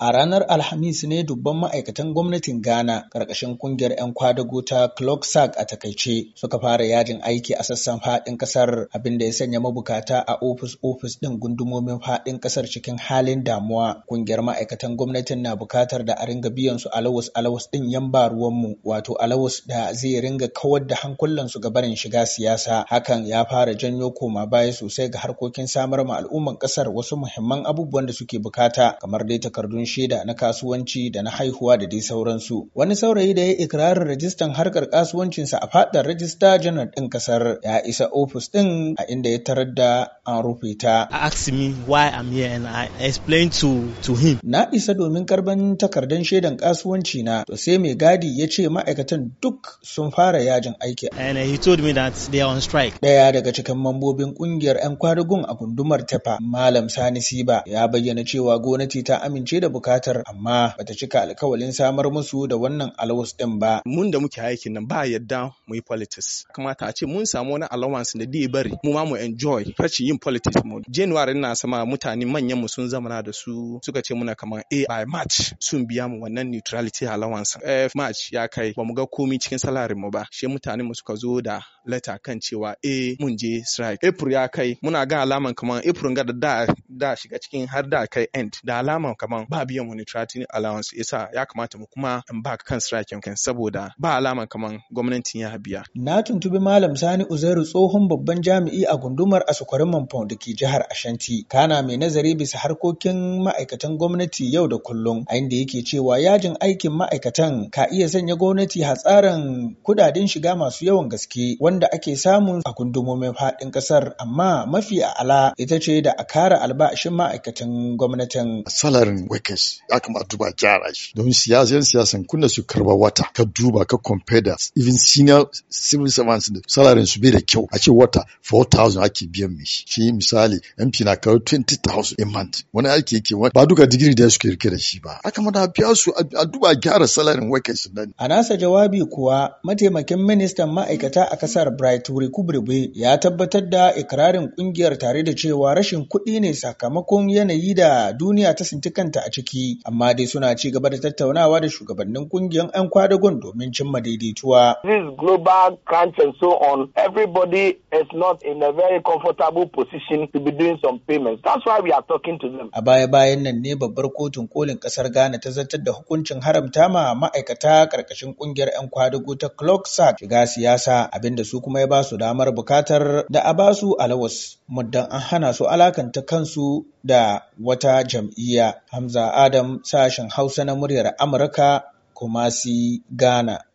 A ranar Alhamis ne dubban ma'aikatan gwamnatin Ghana ƙarƙashin ƙungiyar 'yan kwadago ta Clocksack a takaice suka fara yajin aiki a sassan faɗin ƙasar abinda ya sanya mabukata a ofis-ofis ɗin gundumomin faɗin ƙasar cikin halin damuwa. Kungiyar ma'aikatan gwamnatin na bukatar da a ringa biyan su alawus alawus ɗin yan ba ruwanmu wato alawus da zai ringa kawar da hankulan su ga barin shiga siyasa. Hakan ya fara janyo koma baya sosai ga harkokin samar ma al'umman ƙasar wasu muhimman abubuwan da suke bukata kamar dai takardun shaida na kasuwanci da na haihuwa da dai sauransu. Wani saurayi da ya ikirarin rajistan harkar kasuwancinsa a fadar rajista janar ɗin kasar ya isa ofis ɗin a inda ya tarar da an rufe ta. Ask me why I'm here and I explain to, to him. Na isa domin karban takardar shaidan kasuwanci na to sai mai gadi ya ce ma'aikatan duk sun fara yajin aiki. And he told me that they are on strike. Daya daga cikin mambobin ƙungiyar 'yan kwadagun a gundumar Tefa, Malam Sani Siba ya bayyana cewa gwamnati ta amince da bukatar amma bata cika alkawalin samar musu da wannan allowance din ba. Mun da muke aikin nan ba yadda mu yi politics. Kamata a ce mun samu wani allowance da dai bari mu ma mu enjoy rashin yin politics mu. January na sama mutane manyan mu sun zamana da su suka ce muna kamar a by March sun biya mu wannan neutrality allowance. F March ya kai ba mu ga komi cikin salarin mu ba. She mutane mu suka zo da leta kan cewa a eh, mun je strike. April ya kai muna ga alaman kamar April ga da da da shiga cikin har da kai end da alama kaman ba biyan wani tracking allowance yasa ya kamata mu kuma in ba kan striking kan saboda ba alama kaman gwamnati ya biya. Na tuntubi Malam Sani Uzairu tsohon babban jami'i a gundumar Asukwarin Manfon da ke jihar Ashanti. Kana mai nazari bisa harkokin ma'aikatan gwamnati yau da kullum a inda yake cewa yajin aikin ma'aikatan ka iya sanya gwamnati hatsarin kudaden shiga masu yawan gaske wanda ake samu a gundumomin faɗin ƙasar amma mafi a'ala ita ce da a kara alba ra'ashin ma'aikatan gwamnatin. Salarin workers ya kama duba gyara shi. Domin siyasan siyasan kunna su karba wata ka duba ka compare da even senior civil servants da salarin su bai da kyau a ce wata 4,000 ake biyan mai shi. Shi misali MP na kawo 20,000 a month. Wani aiki yake ba duka digiri da suke rike da shi ba. kama da biya su a duba gyara salarin workers nan. A nasa jawabi kuwa mataimakin ministan ma'aikata a kasar Bright Wuri ya tabbatar da ikirarin kungiyar tare da cewa rashin kuɗi ne sa sakamakon yanayi da duniya ta sinti kanta a ciki amma dai suna ci gaba da tattaunawa da shugabannin kungiyar 'yan kwadagon domin cimma daidaituwa. This global crunch so on, everybody is not in a very comfortable position to be doing some payments. That's why we are talking to them. A baya-bayan nan ne babbar kotun kolin kasar Ghana ta zartar da hukuncin haramta ma ma'aikata karkashin kungiyar 'yan kwadago ta Clocksack shiga siyasa abinda su kuma ya ba su damar bukatar da a ba su alawas muddan an hana su alakanta kansu da wata jam'iyya. Hamza Adam sashen Hausa na muryar Amurka, Kumasi, Ghana.